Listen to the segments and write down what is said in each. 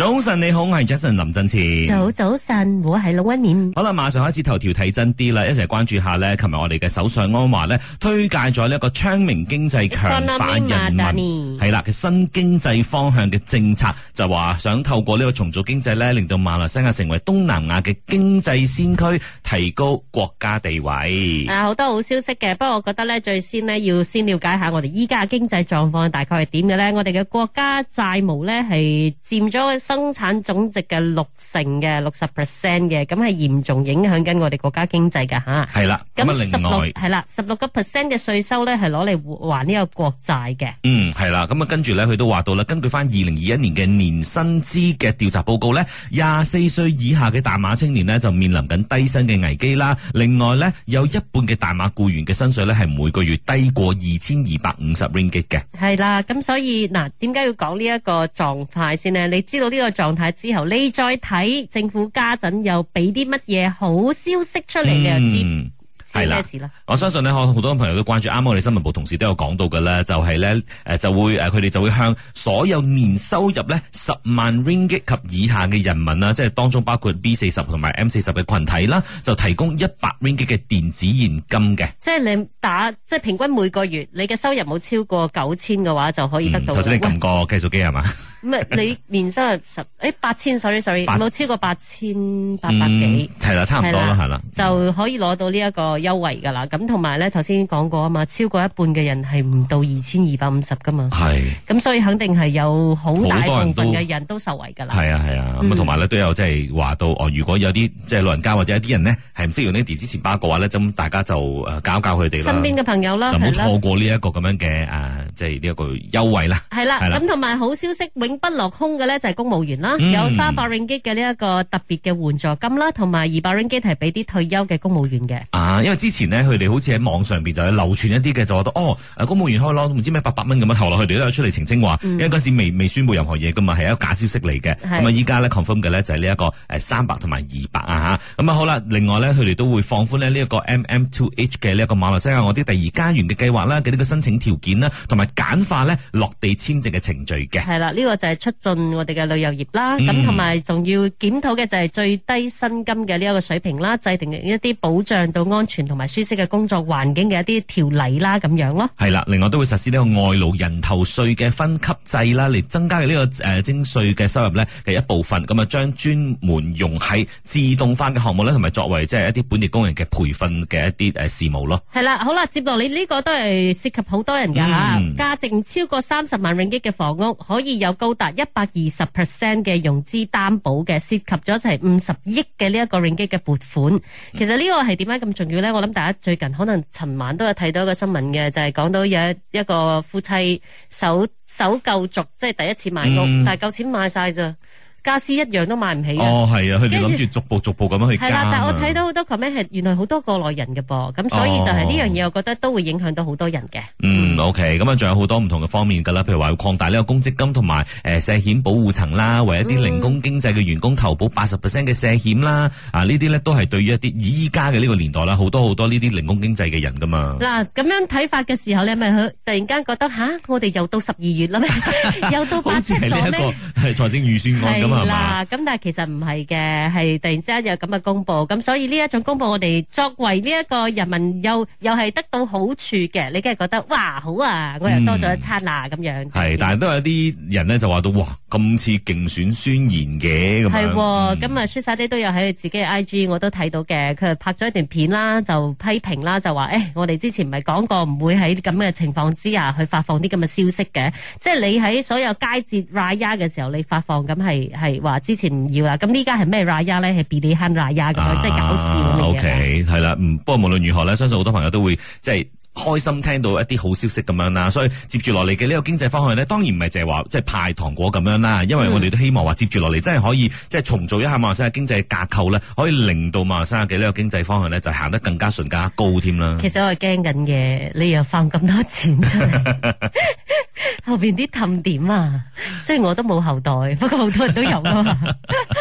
早晨，你好，我係 Jason 林振前。早早晨，我係老溫念。好啦，馬上開始頭條睇真啲啦，一齊關注下呢，琴日我哋嘅首相安華呢推介咗呢一個昌明經濟、強化人民係啦嘅新經濟方向嘅政策，就話想透過呢個重組經濟呢，令到馬來西亞成為東南亞嘅經濟先驅，提高國家地位。啊，好多好消息嘅，不過我覺得呢，最先呢要先了解下我哋依家嘅經濟狀況大概係點嘅呢？我哋嘅國家債務呢係佔咗生產總值嘅六成嘅，六十 percent 嘅，咁係嚴重影響緊我哋國家經濟噶吓。係啦，咁十六係啦，十六個 percent 嘅稅收咧係攞嚟還呢個國債嘅。嗯，係啦，咁啊跟住咧，佢都話到啦，根據翻二零二一年嘅年薪資嘅調查報告咧，廿四歲以下嘅大馬青年呢就面臨緊低薪嘅危機啦。另外咧，有一半嘅大馬僱員嘅薪水咧係每個月低過二千二百五十 ringgit 嘅。係啦，咁所以嗱，點解要講呢一個狀態先呢？你知道呢、這個？呢個狀態之後，你再睇政府家陣又俾啲乜嘢好消息出嚟，你就知。係啦，我相信咧，我好多朋友都關注，啱啱我哋新聞部同事都有講到嘅啦，就係、是、咧，誒就會誒佢哋就會向所有年收入咧十萬 ringgit 及以下嘅人民啦，即係當中包括 B 四十同埋 M 四十嘅群體啦，就提供一百 ringgit 嘅電子現金嘅、嗯。即係你打，即係平均每個月你嘅收入冇超過九千嘅話，就可以得到。頭、嗯、先你撳過計數機係嘛？唔係，你年收入十誒八千，sorry sorry，冇超過八千八百幾。係、嗯、啦，差唔多啦，係啦，就可以攞到呢、這、一個。嗯嗯優惠噶啦，咁同埋咧，頭先講過啊嘛，超過一半嘅人係唔到二千二百五十噶嘛，係，咁、嗯、所以肯定係有好大部分嘅人，人，人都受惠噶啦，係啊係啊，咁啊同埋咧都有即係話到哦，如果有啲即係老人家或者一啲人咧係唔識用呢啲支付包嘅話咧，咁大家就誒教教佢哋啦，身邊嘅朋友啦，就唔好錯過呢一個咁樣嘅誒。即係呢一個優惠啦，係、嗯、啦，咁同埋好消息永不落空嘅咧就係公務員啦、嗯，有三百 ringgit 嘅呢一個特別嘅援助金啦，同埋二百 ringgit 係俾啲退休嘅公務員嘅。啊，因為之前呢，佢哋好似喺網上邊就係流傳一啲嘅，就話到哦，公務員開攞，唔知咩八百蚊咁樣，後來佢哋都有出嚟澄清話、嗯，因為嗰時未未宣布任何嘢噶嘛，係一個假消息嚟嘅。咁啊，依家咧 confirm 嘅咧就係呢一個誒三百同埋二百啊吓。咁啊好啦，另外咧佢哋都會放寬咧呢一個 M M Two H 嘅呢一個馬來西亞我啲第二家園嘅計劃啦，嘅、這、呢個申請條件啦，同埋。簡化咧落地簽證嘅程序嘅係啦，呢個就係促進我哋嘅旅遊業啦，咁同埋仲要檢討嘅就係最低薪金嘅呢一個水平啦，制定一啲保障到安全同埋舒適嘅工作環境嘅一啲條例啦，咁樣咯。係啦，另外都會實施呢個外勞人頭稅嘅分級制啦，嚟增加嘅呢個誒徵稅嘅收入咧嘅一部分，咁啊將專門用喺自動化嘅項目咧，同埋作為即係一啲本地工人嘅培訓嘅一啲誒事務咯。係啦，好啦，接落嚟呢個都係涉及好多人噶。嗯價值唔超過三十萬令吉嘅房屋，可以有高達一百二十 percent 嘅融資擔保嘅，涉及咗就係五十億嘅呢一個令吉嘅撥款。其實呢個係點解咁重要呢？我諗大家最近可能尋晚都有睇到一個新聞嘅，就係、是、講到有一一個夫妻首首購族，即係第一次買屋，嗯、但係夠錢買晒咋。家私一樣都買唔起嘅。哦，係啊，佢哋諗住逐步逐步咁樣去。係啦，但我睇到好多 comment 原來好多國內人嘅噃，咁、哦、所以就係呢樣嘢，我覺得都會影響到好多人嘅。嗯，OK，咁啊，仲有好多唔同嘅方面噶啦，譬如話擴大呢個公積金同埋誒社險保護層啦，為一啲零工經濟嘅員工投保八十 percent 嘅社險啦，啊呢啲咧都係對於一啲依家嘅呢個年代啦，好多好多呢啲零工經濟嘅人噶嘛。嗱，咁樣睇法嘅時候咧，咪佢突然間覺得吓、啊，我哋又到十二月啦咩？ 又到八千咗咩？好似係呢一個財政預算案咁。嗱咁，但係其實唔係嘅，係突然之間有咁嘅公佈，咁所以呢一種公佈，我哋作為呢一個人民，又又係得到好處嘅，你梗係覺得哇，好啊，我又多咗一餐啦咁樣。係，但係都有一啲人咧就話到哇，咁似競選宣言嘅咁樣。係喎，咁啊，Shirley 都有喺自己嘅 IG，我都睇到嘅，佢拍咗一段片啦，就批評啦，就話誒，我哋之前唔係講過唔會喺咁嘅情況之下去發放啲咁嘅消息嘅，即係你喺所有佳節 Raya 嘅時候，你發放咁係。係話之前唔要啦，咁呢家係咩呀咧？係俾你慳呀咁樣，即係搞笑嘅嘢。O K，係啦，嗯、okay,，不過無論如何咧，相信好多朋友都會即係開心聽到一啲好消息咁樣啦。所以接住落嚟嘅呢個經濟方向咧，當然唔係淨係話即係派糖果咁樣啦，因為我哋都希望話接住落嚟真係可以即係重做一下馬來西亞嘅經濟架構咧，可以令到馬來西亞嘅呢個經濟方向咧就行、是、得更加順加高添啦。 其實我係驚緊嘅，你又放咁多錢出嚟。 後邊啲氹點啊？雖然我都冇後代，不過好多人都有啊嘛。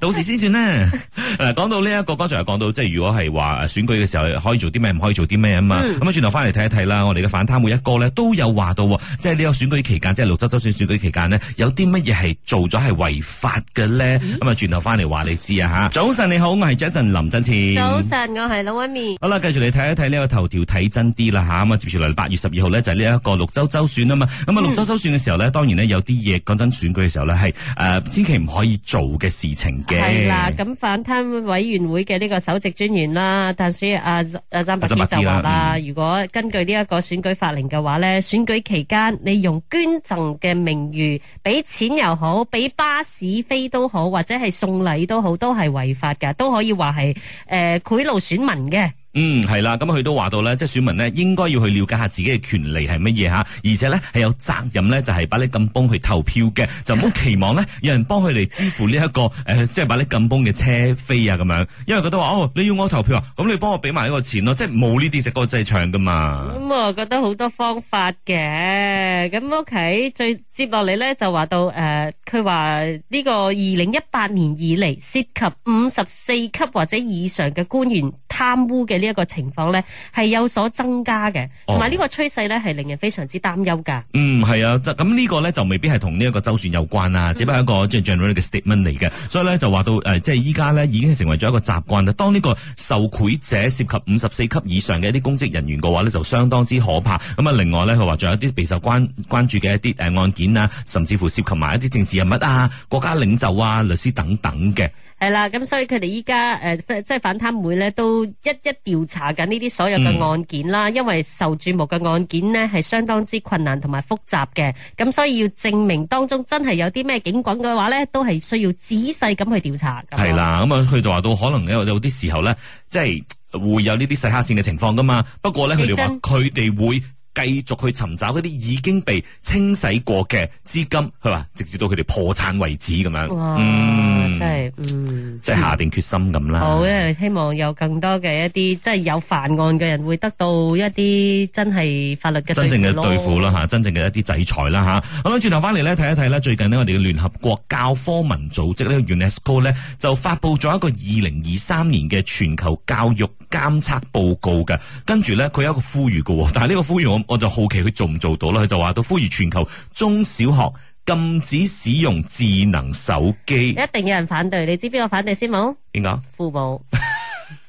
到時先算啦。嗱、 這個，講到呢一個剛才又講到，即係如果係話選舉嘅時候可以做啲咩，唔可以做啲咩啊嘛。咁、嗯、啊，轉頭翻嚟睇一睇啦。我哋嘅反貪會一哥咧都有話到，即係呢個選舉期間，即係六州州選選舉期間呢，有啲乜嘢係做咗係違法嘅咧。咁、嗯、啊，轉頭翻嚟話你知啊吓。早晨你好，我係 Jason 林振前。早晨，我係老 u 好啦，繼續嚟睇一睇呢個頭條睇真啲啦吓。咁啊，接住嚟八月十二號呢，就係呢一個六州州選啊嘛。咁、嗯、啊，六州、嗯、州選嘅時候呢，當然呢，有啲嘢講真，選舉嘅時候呢，係誒、呃、千祈唔可以做嘅事情。係啦，咁 反貪委員會嘅呢個首席專員啦，但係所以阿阿詹姆士就話啦、啊嗯，如果根據呢一個選舉法令嘅話咧，選舉期間你用捐贈嘅名譽俾錢又好，俾巴士飛都好，或者係送禮都好，都係違法嘅，都可以話係誒賄賂選民嘅。嗯，係啦，咁佢都話到咧，即係選民呢應該要去了解下自己嘅權利係乜嘢吓，而且咧係有責任咧，就係把你咁崩去投票嘅，就唔好期望咧有人幫佢嚟支付呢、這、一個誒，即、呃、係把你咁崩嘅車費啊咁樣，因為覺得話哦，你要我投票，咁你幫我俾埋呢個錢咯，即係冇呢啲隻歌仔唱噶嘛。咁我覺得好多方法嘅，咁屋企最。接落嚟咧就話到誒，佢話呢個二零一八年以嚟涉及五十四級或者以上嘅官員貪污嘅呢一個情況咧係有所增加嘅，同埋呢個趨勢咧係令人非常之擔憂噶。嗯，係啊，咁、這、呢個咧就未必係同呢一個周旋有關啊，只不過係一個即係 general 嘅 statement 嚟嘅、嗯，所以咧就話到誒、呃，即係依家咧已經成為咗一個習慣啦。當呢個受賄者涉及五十四級以上嘅一啲公職人員嘅話咧，就相當之可怕。咁啊，另外咧佢話仲有啲備受關關注嘅一啲誒案件。啊，甚至乎涉及埋一啲政治人物啊、國家領袖啊、律師等等嘅，係啦。咁所以佢哋依家誒，即係反貪會呢，都一一調查緊呢啲所有嘅案件啦。因為受注目嘅案件呢，係相當之困難同埋複雜嘅。咁所以要證明當中真係有啲咩警棍嘅話呢，都係需要仔細咁去調查。係啦，咁啊，佢就話到可能有有啲時候呢，即係會有呢啲細黑線嘅情況噶嘛。不過呢，佢哋話佢哋會。繼續去尋找嗰啲已經被清洗過嘅資金，係嘛？直至到佢哋破產為止咁樣，哇！即係，嗯，嗯，即係下定決心咁啦、嗯。好，希望有更多嘅一啲，即係，有犯案嘅人會得到一啲真係法律嘅真正嘅對付啦，吓，真正嘅一啲制裁啦，吓。好啦，轉頭翻嚟咧，睇一睇咧，最近呢，我哋嘅聯合國教科文組織呢、這個、UNESCO 咧，就發布咗一個二零二三年嘅全球教育監測報告嘅，跟住咧，佢有一個呼籲喎，但係呢個呼籲我。我就好奇佢做唔做到啦，佢就話到呼籲全球中小學禁止使用智能手機。一定有人反對，你知邊個反對先冇？邊個？父母。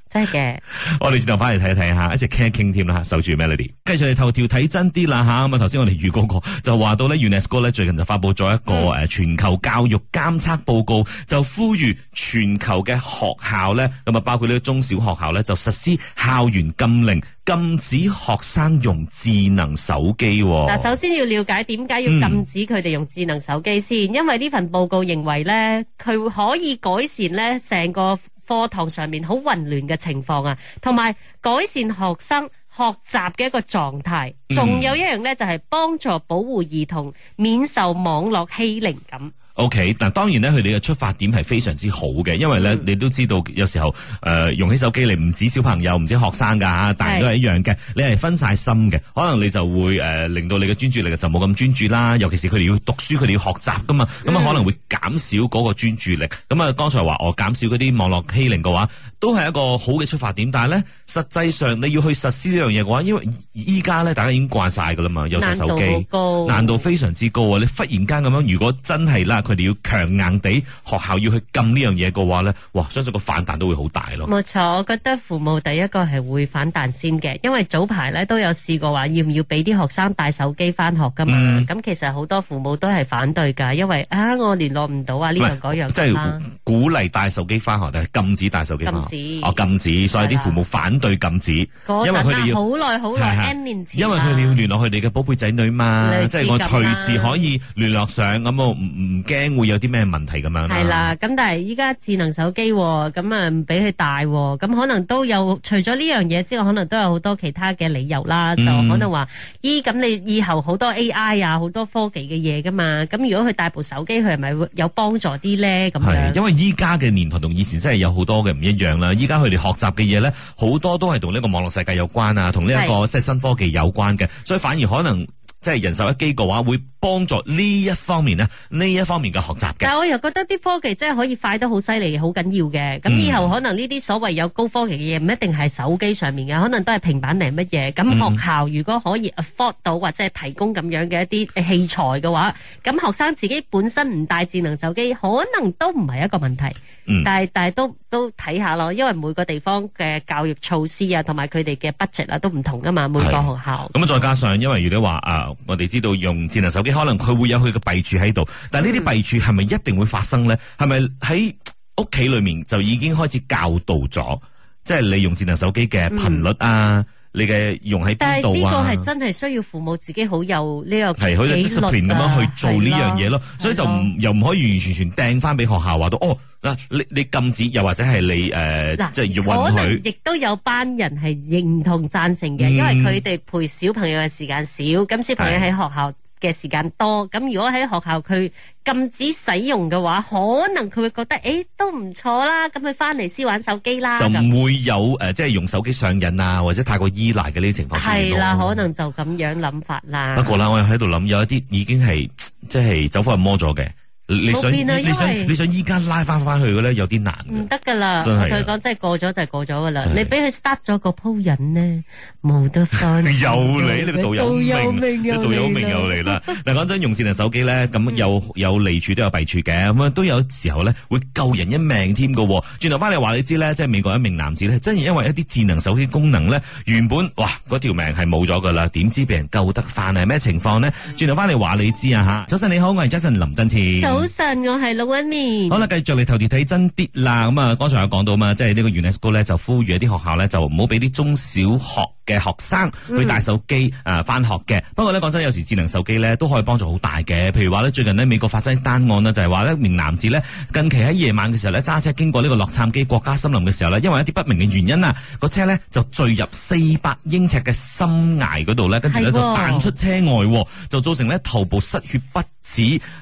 真係嘅，我哋轉頭翻嚟睇一睇吓，一直傾傾添啦，守住 Melody。繼續嚟，頭條睇真啲啦吓，咁啊頭先我哋預告過，就話到呢 UNESCO 最近就發布咗一個誒全球教育監測報告，嗯、就呼籲全球嘅學校呢，咁啊包括呢個中小學校呢就實施校園禁令，禁止學生用智能手機。嗱，首先要了解點解要禁止佢哋用智能手機先、嗯，因為呢份報告認為呢佢可以改善呢成個。課堂上面好混亂嘅情況啊，同埋改善學生學習嘅一個狀態，仲有一樣呢，就係幫助保護兒童免受網絡欺凌咁。O、okay, K，但當然咧，佢哋嘅出發點係非常之好嘅，因為咧你都知道，有時候誒、呃、用起手機嚟唔止小朋友，唔止學生㗎吓，但係都係一樣嘅，你係分晒心嘅，可能你就會誒、呃、令到你嘅專注力就冇咁專注啦。尤其是佢哋要讀書，佢哋要學習㗎嘛，咁啊可能會減少嗰個專注力。咁、嗯、啊，剛才話我減少嗰啲網絡欺凌嘅話，都係一個好嘅出發點。但係咧，實際上你要去實施呢樣嘢嘅話，因為依家咧大家已經慣晒㗎啦嘛，有台手，手機，難度高，難度非常之高啊！你忽然間咁樣，如果真係啦～佢哋要強硬地學校要去禁呢樣嘢嘅話咧，哇！相信個反彈都會好大咯。冇錯，我覺得父母第一個係會反彈先嘅，因為早排咧都有試過話要唔要俾啲學生帶手機翻學噶嘛。咁其實好多父母都係反對㗎，因為啊，我聯絡唔到啊，呢樣嗰樣啦。即係鼓勵帶手機翻學定係禁止帶手機？禁止哦，禁止。所以啲父母反對禁止，因為佢哋要好耐好耐，N 年，因為佢哋要聯絡佢哋嘅寶貝仔女嘛，即係我隨時可以聯絡上，咁我唔唔驚。會有啲咩問題咁樣？係啦，咁但係依家智能手機咁啊，唔俾佢帶，咁可能都有除咗呢樣嘢之外，可能都有好多其他嘅理由啦、嗯。就可能話咦，咁你以後好多 AI 啊，好多科技嘅嘢噶嘛。咁如果佢帶部手機，佢係咪會有幫助啲咧？咁係，因為依家嘅年代同以前真係有好多嘅唔一樣啦。依家佢哋學習嘅嘢咧，好多都係同呢個網絡世界有關啊，同呢一個新科技有關嘅，所以反而可能即係人手一機嘅話會。幫助呢一方面呢，呢一方面嘅學習嘅。但係我又覺得啲科技真係可以快得好犀利，好緊要嘅。咁、嗯、以後可能呢啲所謂有高科技嘅嘢，唔一定係手機上面嘅，可能都係平板定係乜嘢。咁學校如果可以 afford 到或者提供咁樣嘅一啲器材嘅話，咁學生自己本身唔帶智能手機，可能都唔係一個問題。嗯、但係但係都都睇下咯，因為每個地方嘅教育措施啊，同埋佢哋嘅 budget 啊都唔同噶嘛，每個學校。咁再加上因為如果話啊，我哋知道用智能手機。可能佢會有佢嘅弊處喺度，但係呢啲弊處係咪一定會發生咧？係咪喺屋企裏面就已經開始教導咗，即係你用智能手機嘅頻率啊，嗯、你嘅用喺邊度，但係呢個係真係需要父母自己好有呢個係好有 discipline 咁樣去做呢樣嘢咯，所以就唔又唔可以完完全全掟翻俾學校話到哦嗱，你你禁止又或者係你誒，即、呃、係、就是、要允許，亦都有班人係認同贊成嘅、嗯，因為佢哋陪小朋友嘅時間少，咁小朋友喺學校。嘅時間多，咁如果喺學校佢禁止使用嘅話，可能佢會覺得誒、欸、都唔錯啦，咁佢翻嚟先玩手機啦，就唔會有誒、呃、即係用手機上癮啊，或者太過依賴嘅呢啲情況係啦，可能就咁樣諗法啦。不過啦，我又喺度諗有一啲已經係即係走火入魔咗嘅。你想你想你想依家拉翻翻去嘅咧，有啲難。唔得噶啦，佢講真係過咗就過咗噶啦。你俾佢 start 咗個鋪癮呢，冇得翻。 又嚟，你個導遊明， 你導遊明又嚟啦。嗱，講真，用智能手機咧，咁有有利處都有弊處嘅，咁啊都有時候咧會救人一命添噶。轉頭翻嚟話你知咧，即係美國一名男子咧，真係因為一啲智能手機功能咧，原本哇嗰條命係冇咗噶啦，點知俾人救得翻係咩情況呢？轉頭翻嚟話你知啊吓，早晨你好，我係 Jason 林振前。早晨，我係 Melody。好啦，繼續嚟，頭條睇真啲啦。咁啊，剛才有講到嘛，即係呢個 UNESCO 咧，就呼籲啲學校咧，就唔好俾啲中小學。嘅學生去帶手機啊翻學嘅、嗯，不過呢，講真，有時智能手機呢都可以幫助好大嘅。譬如話呢，最近呢美國發生單案咧，就係話咧一名男子呢近期喺夜晚嘅時候呢揸車經過呢個洛杉磯國家森林嘅時候呢，因為一啲不明嘅原因啊，個車呢就墜入四百英尺嘅深崖嗰度呢，跟住咧就彈出車外，就造成呢頭部失血不止。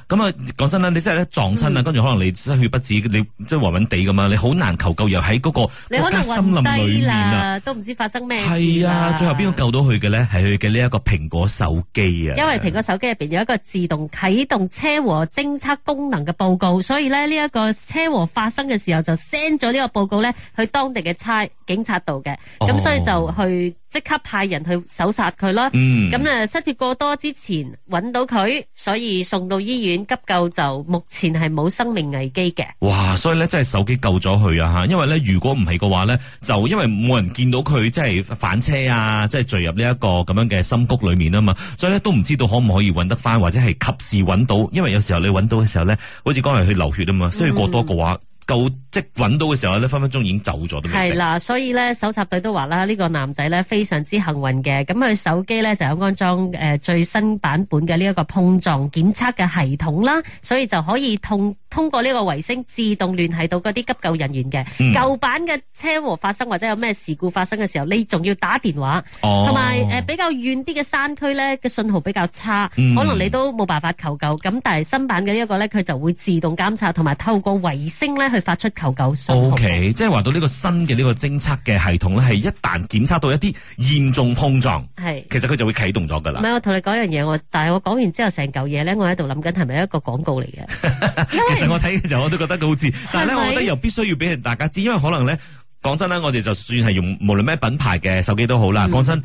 咁啊講真啦，你真係咧撞親啊，跟、嗯、住可能你失血不止，你即係暈暈哋咁啊，你好難求救又喺嗰個國家森林裏面啊，都唔知發生咩？係啊。啊、最後邊個救到佢嘅咧，係佢嘅呢一個蘋果手機啊，因為蘋果手機入邊有一個自動啟動車禍偵測功能嘅報告，所以咧呢一個車禍發生嘅時候就 send 咗呢個報告咧去當地嘅差警察度嘅，咁、哦、所以就去。即刻派人去搜殺佢啦，咁、嗯、啊失血過多之前揾到佢，所以送到醫院急救，就目前係冇生命危機嘅。哇，所以咧真係手機救咗佢啊吓！因為咧如果唔係嘅話咧，就因為冇人見到佢即係反車啊，即係墜入呢一個咁樣嘅深谷裏面啊嘛，所以咧都唔知道可唔可以揾得翻或者係及時揾到，因為有時候你揾到嘅時候咧，好似講係去流血啊嘛，所以過多嘅話。嗯夠即揾到嘅時候咧，分分鐘已經走咗都。係啦，所以咧，搜查隊都話啦，呢個男仔咧非常之幸運嘅，咁佢手機咧就有安裝誒最新版本嘅呢一個碰撞檢測嘅系統啦，所以就可以通。通過呢個衛星自動聯繫到嗰啲急救人員嘅舊、嗯、版嘅車禍發生或者有咩事故發生嘅時候，你仲要打電話，同埋誒比較遠啲嘅山區咧嘅信號比較差，嗯、可能你都冇辦法求救。咁但係新版嘅一、這個咧，佢就會自動監察，同埋透過衛星咧去發出求救信號 O、okay, K，即係話到呢個新嘅呢個偵測嘅系統咧，係一旦檢測到一啲嚴重碰撞，係其實佢就會啟動咗㗎喇。唔係，我同你講樣嘢，我但係我講完之後成嚿嘢咧，我喺度諗緊係咪一個廣告嚟嘅， 我睇嘅時候，我都覺得佢好似，但係咧，我覺得又必須要俾人大家知，因為可能咧，講真啦，我哋就算係用無論咩品牌嘅手機都好啦，講真。嗯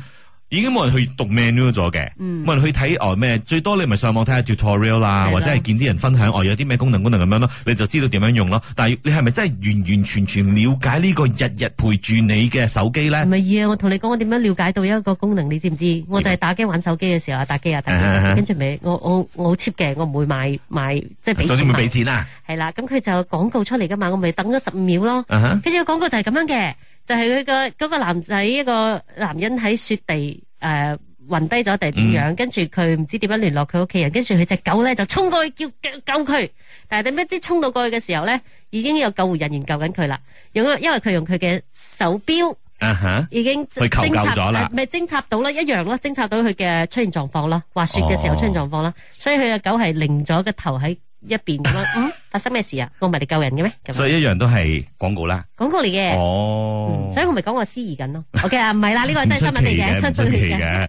已經冇人去讀 manual 咗嘅，冇人去睇哦咩，最多你咪上網睇下 tutorial 啦，或者係見啲人分享哦，有啲咩功能功能咁樣咯，你就知道點樣用咯。但係你係咪真係完完全全了解呢個日日陪住你嘅手機咧？唔係啊，我同你講我點樣了解到一個功能，你知唔知？我就係打機玩手機嘅時候啊，打機啊，打機，跟住咪我我我好 cheap 嘅，我唔會買買即係。首先會俾錢啦。係啦，咁佢就廣告出嚟噶嘛，我咪等咗十五秒咯。跟住個廣告就係咁樣嘅。就係佢個嗰個男仔，一個男人喺雪地誒暈低咗地點樣？跟住佢唔知點樣聯絡佢屋企人，跟住佢隻狗咧就衝過去叫救佢。但係點咩知衝到過去嘅時候咧，已經有救護人員救緊佢啦。用因為佢用佢嘅手錶啊，啊，已經去求救咗啦，咪偵察到啦，一樣咯，偵察到佢嘅出現狀況啦，滑雪嘅時候出現狀況啦，所以佢嘅狗係擰咗個頭喺。一邊咁，嗯， 發生咩事啊？我唔係嚟救人嘅咩？所以一樣都係廣告啦，廣告嚟嘅。哦，嗯、所以我咪講我思疑緊咯。OK 啊，唔係啦，呢、呢個都係新聞嚟嘅，唔出奇嘅。